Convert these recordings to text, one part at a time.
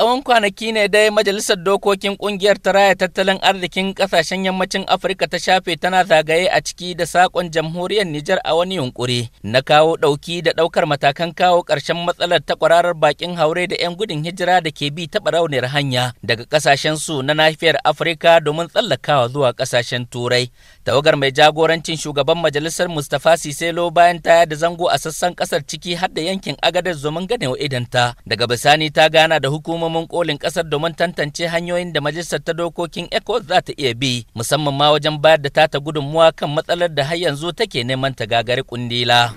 tsawon kwanaki ne dai majalisar dokokin kungiyar ta raya tattalin arzikin kasashen yammacin afirka ta shafe tana zagaye a ciki da sakon jamhuriyar nijar a wani yunkuri na kawo ɗauki da ɗaukar matakan kawo karshen matsalar ta kwararar bakin haure da 'yan gudun hijira da ke bi ta barauniyar hanya daga kasashen su na nahiyar afirka domin tsallakawa zuwa kasashen turai tawagar mai jagorancin shugaban majalisar mustapha siselo bayan ta da zango a sassan kasar ciki har da yankin agadar zomin ganewa idanta daga bisani ta gana da hukumar hukumomin kolin kasar domin tantance hanyoyin da majalisar ta dokokin eco za ta iya bi musamman ma wajen bayar da tata gudunmuwa kan matsalar da har yanzu take neman ta gagari kundila.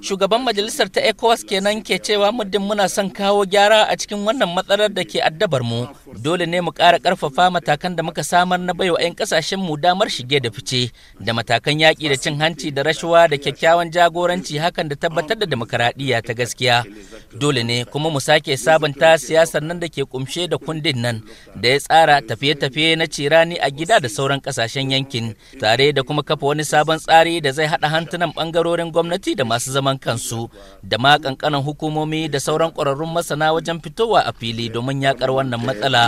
Shugaban majalisar ta ECOWAS kenan ke cewa muddin muna son kawo gyara a cikin wannan matsalar da ke addabar mu dole ne mu ƙara ƙarfafa matakan da muka samar na baiwa 'yan ƙasashen mu damar shige da fice da matakan yaƙi da cin hanci da rashawa da kyakkyawan jagoranci hakan da tabbatar da demokaradiyya ta gaskiya dole ne kuma mu sake sabunta siyasar nan da ke kumshe da kundin nan da ya tsara tafiye-tafiye na cirani a gida da sauran ƙasashen yankin tare da kuma kafa wani sabon tsari da zai haɗa hantunan bangarorin gwamnati da masu zaman kansu da ma ƙanƙanan hukumomi da sauran ƙwararrun masana wajen fitowa a fili domin yaƙar wannan matsala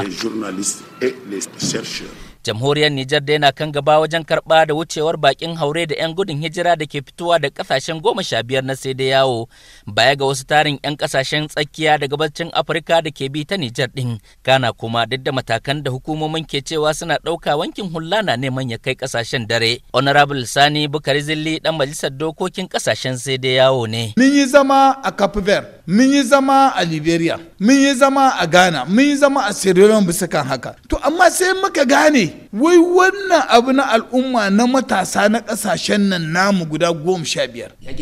Jamhuriyar Nijar dai na kan gaba wajen karɓa da wucewar bakin haure da 'yan gudun hijira da ke fitowa da ƙasashen goma sha biyar na sai da yawo baya ga wasu tarin 'yan ƙasashen tsakiya da gabacin Afirka da ke bi ta Nijar ɗin. Kana kuma duk da matakan da hukumomin ke cewa suna ɗauka wankin hula na neman ya kai ƙasashen dare. Honorable Sani Bukari Zilli ɗan majalisar dokokin ƙasashen sai da yawo ne. Mun yi zama a Cape Verde mun yi zama a liberia mun yi zama a ghana mun yi zama a sierra leone bisa kan haka to amma sai muka gane wai wannan abu na al'umma na matasa na kasashen nan namu guda goma sha biyar ya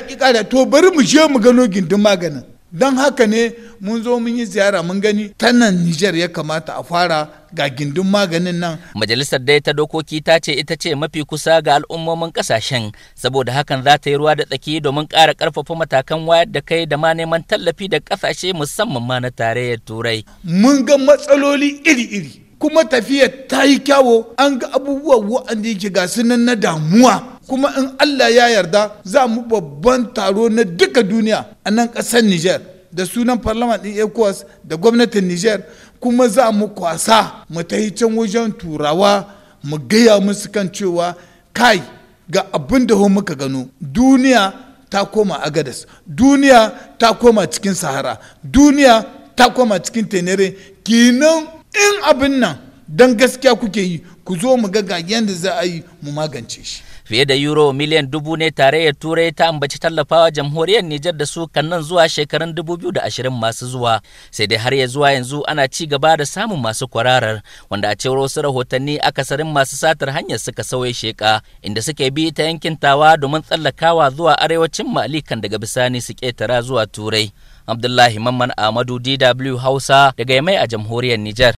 ki karewa to bari mu je mu gano gindin maganin don haka ne mun zo mun yi ziyara mun gani ta nan Nijar ya kamata a fara ga gindin maganin nan. Majalisar dai ta dokoki ta ce ita ce mafi kusa ga al'ummomin kasashen saboda hakan za ta yi ruwa da tsaki domin kara ƙarfafa matakan wayar da kai da ma neman tallafi da ƙasashe musamman ma na tarayyar Turai. Mun ga matsaloli iri-iri kuma tafiya ta yi kyawo an ga abubuwa wa'anda yake ga sunan na damuwa. kuma in Allah ya yarda za mu babban taro na duka duniya a nan ƙasar Nijar. da sunan parliament din ecowas da gwamnatin niger kuma za mu kwasa mu ta can wajen turawa mu gaya musu kan cewa kai ga abin da muka gano duniya ta koma agadas duniya ta koma cikin sahara duniya ta koma cikin tenere kinan in abin nan don gaskiya kuke yi ku zo mu ga yadda za a yi mu magance shi fiye da euro miliyan dubu ne tare ya turai ta ambaci tallafawa jamhuriyar nijar da su kan nan zuwa shekarun ashirin masu zuwa sai dai har ya zuwa yanzu ana ci gaba da samun masu kwararar wanda a cewar wasu rahotanni akasarin masu satar hanyar suka sauya sheka inda suke bi ta yankin tawa domin tsallakawa zuwa arewacin mali kan daga bisani su ketara zuwa turai abdullahi mamman amadu dw hausa daga yamai a jamhuriyar nijar